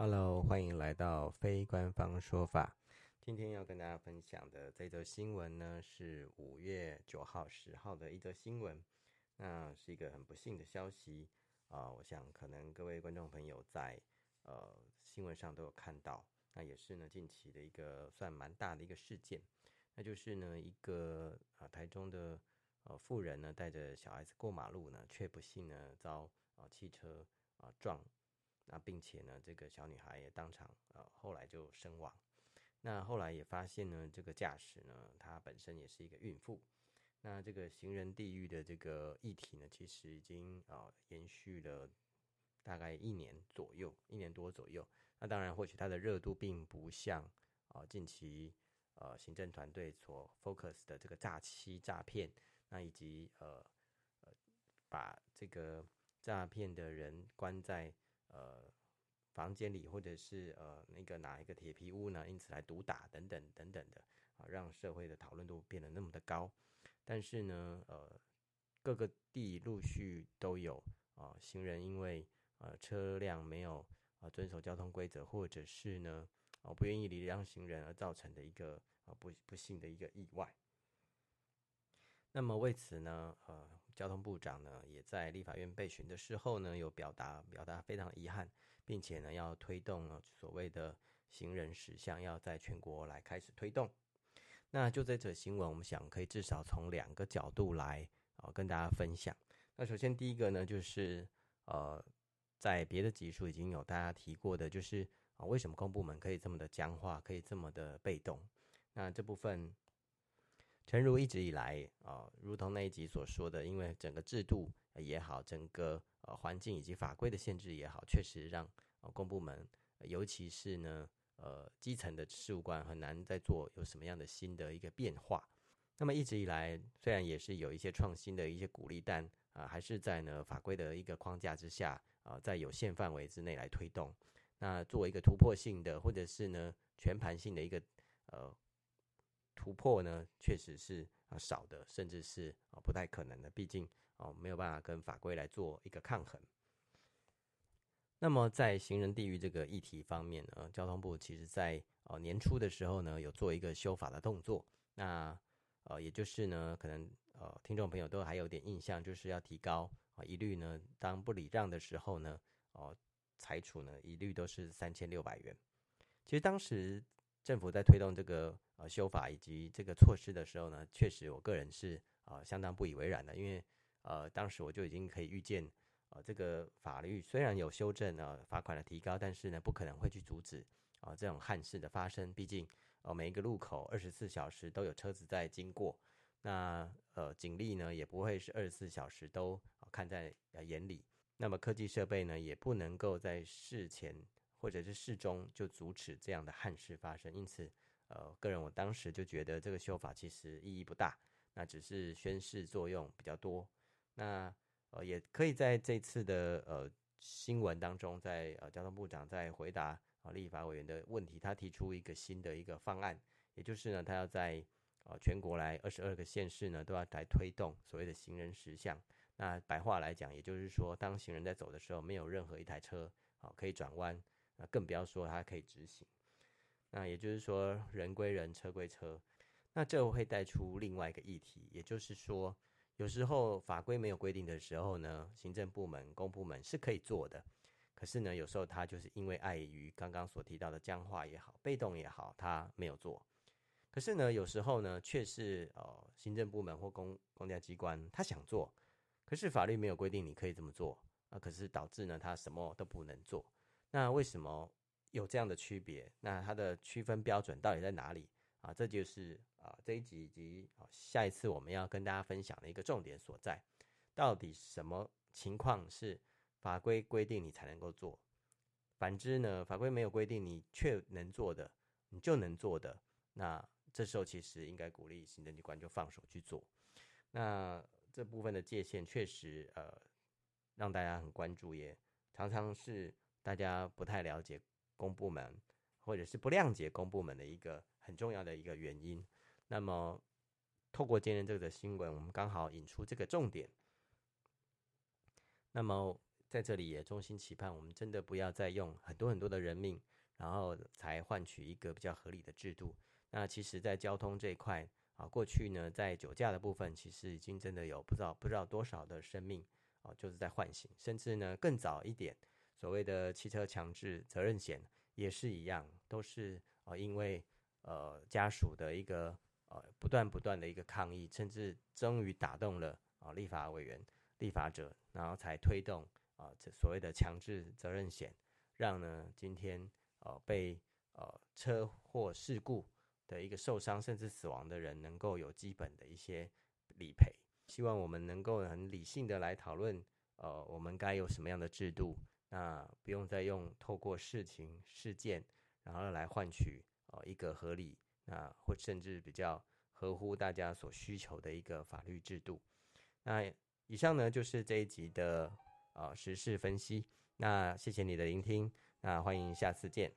Hello，歡迎來到非官方說法。今天要跟大家分享的這則新聞呢，是五月九號、十號的一則新聞。那是一個很不幸的消息啊、呃，我想可能各位觀眾朋友在呃新聞上都有看到。那也是呢近期的一個算蠻大的一個事件，那就是呢一個啊、呃、台中的呃婦人呢帶着小孩子過馬路呢，卻不幸呢遭啊、呃、汽車啊、呃、撞。那並且呢，這個小女孩也當場，呃，後來就身亡。那後來也發現呢，這個駕駛呢，她本身也是一個孕婦。那這個行人地獄的這個議題呢，其實已經啊、呃、延續了大概一年左右，一年多左右。那當然，或許它的熱度並不像啊、呃、近期呃行政團隊所 focus 的這個詐欺詐騙，那以及呃呃把這個詐騙的人關在。呃，房間裡或者是呃那個哪一個鐵皮屋呢？因此來毒打等等等等的啊、呃，讓社會的討論度變得那麼的高。但是呢，呃，各個地陸續都有啊、呃，行人因為啊、呃、車輛沒有啊、呃、遵守交通規則，或者是呢啊、呃、不願意禮讓行人而造成的一個啊、呃、不不幸的一個意外。那麼為此呢，呃。交通部長呢，也在立法院被詢的時候呢，有表達表達非常遺憾，並且呢，要推動所謂的行人時相，要在全國來開始推動。那就在這新聞，我們想可以至少從兩個角度來啊、呃、跟大家分享。那首先第一個呢，就是呃，在別的集數已經有大家提過的，就是啊、呃，為什麼公部門可以這麼的僵化，可以這麼的被動？那這部分。誠如一直以來啊、呃，如同那一集所說的，因為整個制度也好，整個呃環境以及法規的限制也好，確實讓公、呃、部門、呃，尤其是呢呃基層的事務官很難再做有什麼樣的新的一個變化。那麼一直以來，雖然也是有一些創新的一些鼓勵，但啊、呃、還是在呢法規的一個框架之下啊、呃，在有限範圍之內來推動。那做一個突破性的，或者是呢全盤性的一個呃。突破呢，確實是啊、呃、少的，甚至是啊、呃、不太可能的，畢竟啊、呃、沒有辦法跟法規來做一個抗衡，那麼在行人地獄這個議題方面呢，呃、交通部其實在哦、呃、年初的時候呢，有做一個修法的動作。那呃也就是呢，可能呃聽眾朋友都還有點印象，就是要提高啊、呃，一律呢當不禮讓的時候呢，哦、呃，裁處呢一律都是三千六百元。其實當時政府在推動這個。呃，修法以及這個措施的時候呢，確實我個人是呃相當不以為然的，因為呃當時我就已經可以預見，呃這個法律雖然有修正呢、呃，罰款的提高，但是呢不可能會去阻止啊、呃、這種憾事的發生。畢竟呃每一個路口二十四小時都有車子在經過，那呃警力呢也不會是二十四小時都、呃、看在眼裡，那麼科技設備呢也不能夠在事前或者是事中就阻止這樣的憾事發生，因此。呃，個人我當時就覺得這個修法其實意義不大，那只是宣示作用比較多。那呃，也可以在這次的呃新聞當中，在呃交通部長在回答、呃、立法委員的問題，他提出一個新的一個方案，也就是呢，他要在呃全國來二十二個縣市呢都要來推動所謂的行人時相。那白話來講，也就是說，當行人在走的時候，沒有任何一台車啊、呃、可以轉彎，那更不要說它可以直行。那也就是說，人歸人，車歸車。那這會帶出另外一個議題，也就是說，有時候法規沒有規定的時候呢，行政部門、公部門是可以做的。可是呢，有時候他就是因為礙於剛剛所提到的僵化也好、被動也好，他沒有做。可是呢，有時候呢，卻是呃，行政部門或公公家機關他想做，可是法律沒有規定你可以這麼做啊。可是導致呢，他什麼都不能做。那為什麼？有這樣的區別，那它的區分標準到底在哪裡啊？這就是啊這一集以及、啊、下一次我們要跟大家分享的一個重點所在。到底什麼情況是法規規定你才能夠做？反之呢，法規沒有規定你卻能做的，你就能做的。那這時候其實應該鼓勵行政機關就放手去做。那這部分的界限確實呃讓大家很關注耶，也常常是大家不太了解。公部門或者是不諒解公部門的一個很重要的一個原因。那麼，透過今天這個新聞，我們剛好引出這個重點。那麼，在這裡也衷心期盼，我們真的不要再用很多很多的人命，然後才換取一個比較合理的制度。那其實，在交通這一塊啊，過去呢，在酒駕的部分，其實已經真的有不知道不知道多少的生命啊，就是在喚醒，甚至呢，更早一點。所謂的汽車強制責任險也是一樣，都是因為呃家屬的一個呃不斷不斷的一個抗議，甚至終於打動了，呃，立法委員、立法者，然後才推動，呃，這所謂的強制責任險，讓呢今天呃被呃車禍事故的一個受傷甚至死亡的人能夠有基本的一些理賠。希望我們能夠很理性的來討論，呃，我們該有什麼樣的制度。那不用再用透過事情、事件，然後來換取哦一個合理，那或甚至比較合乎大家所需求的一個法律制度。那以上呢就是這一集的啊時事分析。那謝謝你的聆聽，那歡迎下次見。